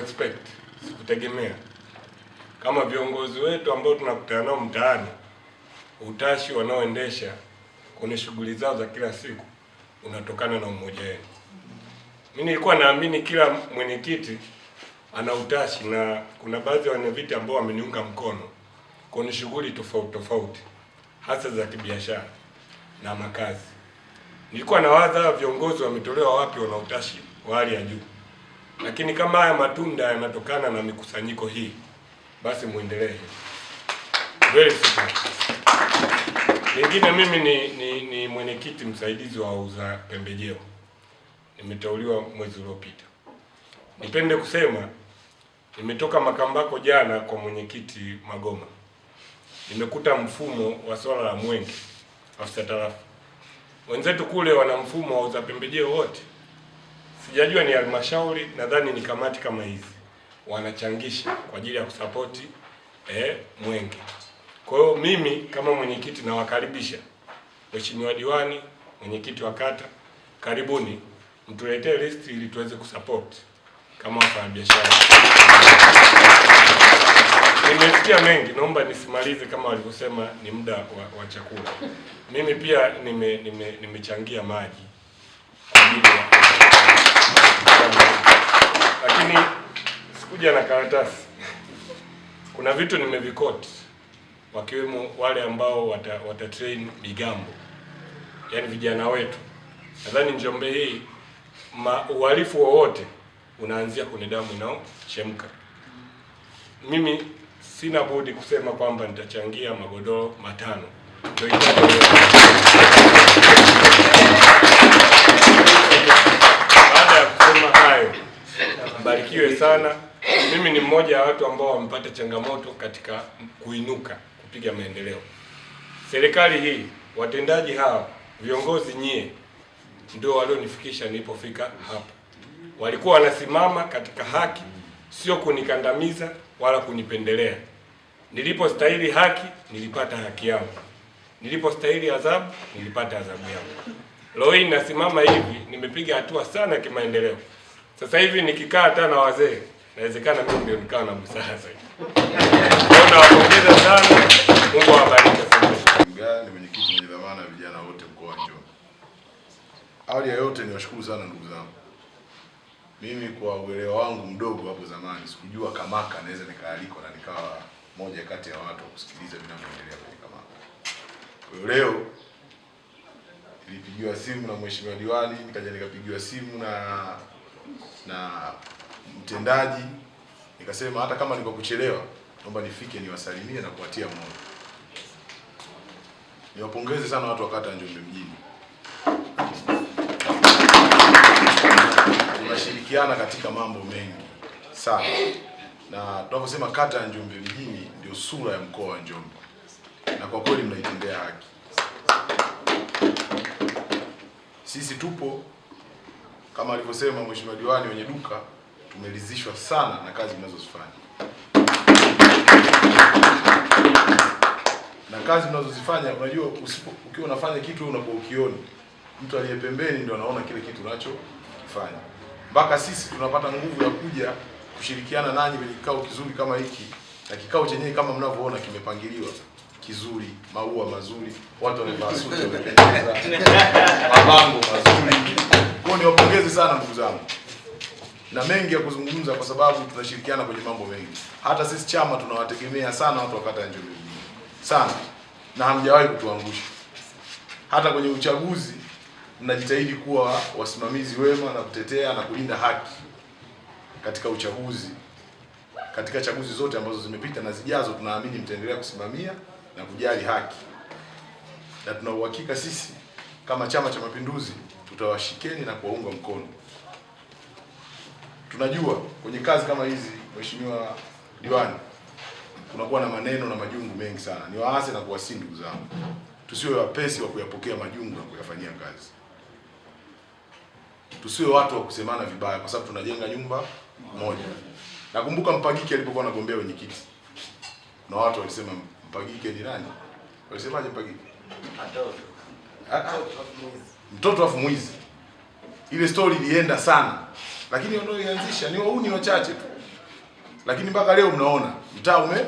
expect, sikutegemea kama viongozi wetu ambao tunakutana nao mtaani, utashi wanaoendesha kwenye shughuli zao za kila siku unatokana na umoja wenu. Mimi nilikuwa naamini kila mwenyekiti ana utashi, na kuna baadhi ya wenyeviti ambao wameniunga mkono kwenye shughuli tofauti tofauti, hasa za kibiashara na makazi. Nilikuwa nawaza viongozi wametolewa wapi wana utashi wa hali ya juu. Lakini kama haya matunda yanatokana na mikusanyiko hii, basi muendelee. Very super. Lingine mimi ni, ni, ni mwenyekiti msaidizi wa wauza pembejeo, nimeteuliwa mwezi uliopita. Nipende kusema nimetoka Makambako jana kwa mwenyekiti Magoma, nimekuta mfumo wa swala la mwenge. Afisa tarafa wenzetu kule wana mfumo wa wauza pembejeo wote sijajua ni halmashauri, nadhani ni kamati kama hizi wanachangisha kwa ajili ya kusapoti eh, Mwenge. Kwa hiyo mimi kama mwenyekiti nawakaribisha Mheshimiwa diwani, mwenyekiti wa kata, karibuni mtuletee list ili tuweze kusupport kama wafanyabiashara. Nimesikia mengi, naomba nisimalize kama walivyosema, ni muda wa, wa chakula. Mimi pia nimechangia nime, nime maji kwa ajili ya lakini sikuja na karatasi. Kuna vitu nimevikoti, wakiwemo wale ambao wata, wata train migambo, yaani vijana wetu. Nadhani Njombe hii uhalifu wowote unaanzia kwenye damu inaochemka. Mimi sina budi kusema kwamba nitachangia magodoro matano sana. Mimi ni mmoja wa watu ambao wamepata changamoto katika kuinuka kupiga maendeleo. Serikali hii, watendaji hawa, viongozi nyie, ndio walionifikisha nilipofika hapa. Walikuwa wanasimama katika haki, sio kunikandamiza wala kunipendelea. Nilipostahili haki, nilipata haki yangu. Nilipostahili adhabu, nilipata adhabu yangu. Leo hii nasimama hivi, nimepiga hatua sana kimaendeleo. Sasa hivi nikikaa tena na wazee inawezekana mimi ndio nikawa na msaada zaidi. Nawapongeza sana, Mungu awabariki sana. Mgani ni mwenyekiti mwenye dhamana ya vijana wote mkoa wa Njombe. Awali ya yote niwashukuru sana ndugu zangu. Mimi kwa uelewa wangu mdogo hapo zamani sikujua kamaka naweza nikaalikwa na nikawa moja kati ya watu wa kusikiliza vinavyoendelea kwenye kamaka. Kwa hiyo leo nilipigiwa simu na mheshimiwa diwani, nikaja nikapigiwa simu na na mtendaji, nikasema hata kama niko kuchelewa, naomba nifike niwasalimie na kuwatia moyo. Niwapongeze sana watu wa kata ya Njombe mjini, tunashirikiana katika mambo mengi sana, na tunaposema kata ya Njombe mjini ndio sura ya mkoa wa Njombe, na kwa kweli mnaitendea haki. Sisi tupo kama alivyosema mheshimiwa diwani, wenye duka tumeridhishwa sana na kazi mnazozifanya na kazi mnazozifanya. Unajua, usipo ukiwa unafanya kitu wewe unakuwa ukioni, mtu aliye pembeni ndio anaona kile kitu unachokifanya, mpaka sisi tunapata nguvu ya kuja kushirikiana nanyi kwenye kikao kizuri kama hiki, na kikao chenyewe kama mnavyoona kimepangiliwa kizuri, maua mazuri, watu wamevaa suti wamependeza, mabango mazuri. Kwa hiyo niwapongeze sana ndugu zangu, na mengi ya kuzungumza kwa sababu tunashirikiana kwenye mambo mengi. Hata sisi chama tunawategemea sana watu wa kata ya Njombe sana, na hamjawahi kutuangusha hata kwenye uchaguzi. Mnajitahidi kuwa wasimamizi wema na kutetea na kulinda haki katika uchaguzi, katika chaguzi zote ambazo zimepita na zijazo, tunaamini mtaendelea kusimamia na kujali haki, na tuna uhakika sisi kama Chama cha Mapinduzi tutawashikeni na kuwaunga mkono. Tunajua kwenye kazi kama hizi, mheshimiwa diwani, kunakuwa na maneno na majungu mengi sana. Ni waase na kuwasii ndugu zangu, tusiwe wapesi wa kuyapokea majungu na kuyafanyia kazi, tusiwe watu wa kusemana vibaya, kwa sababu tunajenga nyumba moja. Nakumbuka Mpagiki alipokuwa anagombea wenyekiti na watu walisema Mpagike ni nani? Walisemaje Mpagike? Ah, ah. Mtoto afu mwizi. Ile story ilienda sana, lakini wanaoianzisha ni wauni wachache tu, lakini mpaka leo mnaona mtaa ume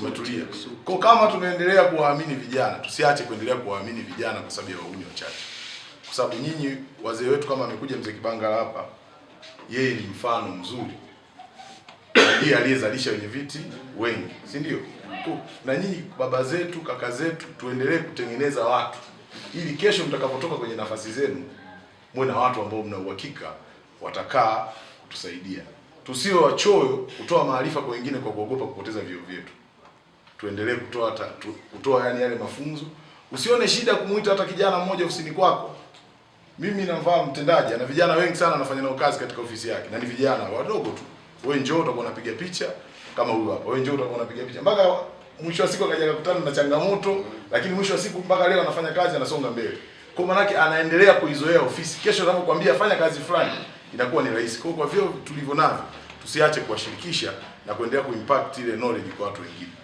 umetulia. Kwa kama tunaendelea kuwaamini vijana, tusiache kuendelea kuwaamini vijana kwa sababu ya wauni wachache, kwa sababu nyinyi wazee wetu, kama amekuja mzee Kibangala hapa, yeye ni mfano mzuri ndiye aliyezalisha wenye viti wengi, si ndio? yako na nyinyi baba zetu, kaka zetu, tuendelee kutengeneza watu ili kesho mtakapotoka kwenye nafasi zenu mwe na watu ambao mna uhakika watakaa kutusaidia. Tusiwe wachoyo kutoa maarifa kwa wengine kwa kuogopa kupoteza vyeo vyetu. Tuendelee kutoa ta, tu, kutoa yani yale mafunzo. Usione shida kumuita hata kijana mmoja ofisini kwako. Mimi namfahamu mtendaji, ana vijana wengi sana anafanya nao kazi katika ofisi yake na ni vijana wadogo tu. Wewe njoo utakuwa unapiga picha kama huyu hapa. Wewe njoo utakuwa unapiga picha mpaka mwisho wa siku akaja akakutana na changamoto, lakini mwisho wa siku mpaka leo anafanya kazi, anasonga mbele. Kwa maana yake anaendelea kuizoea ofisi, kesho anapokuambia fanya kazi fulani inakuwa ni rahisi. Kwa kwa vile tulivyo navyo, tusiache kuwashirikisha na kuendelea kuimpact ile knowledge kwa watu wengine.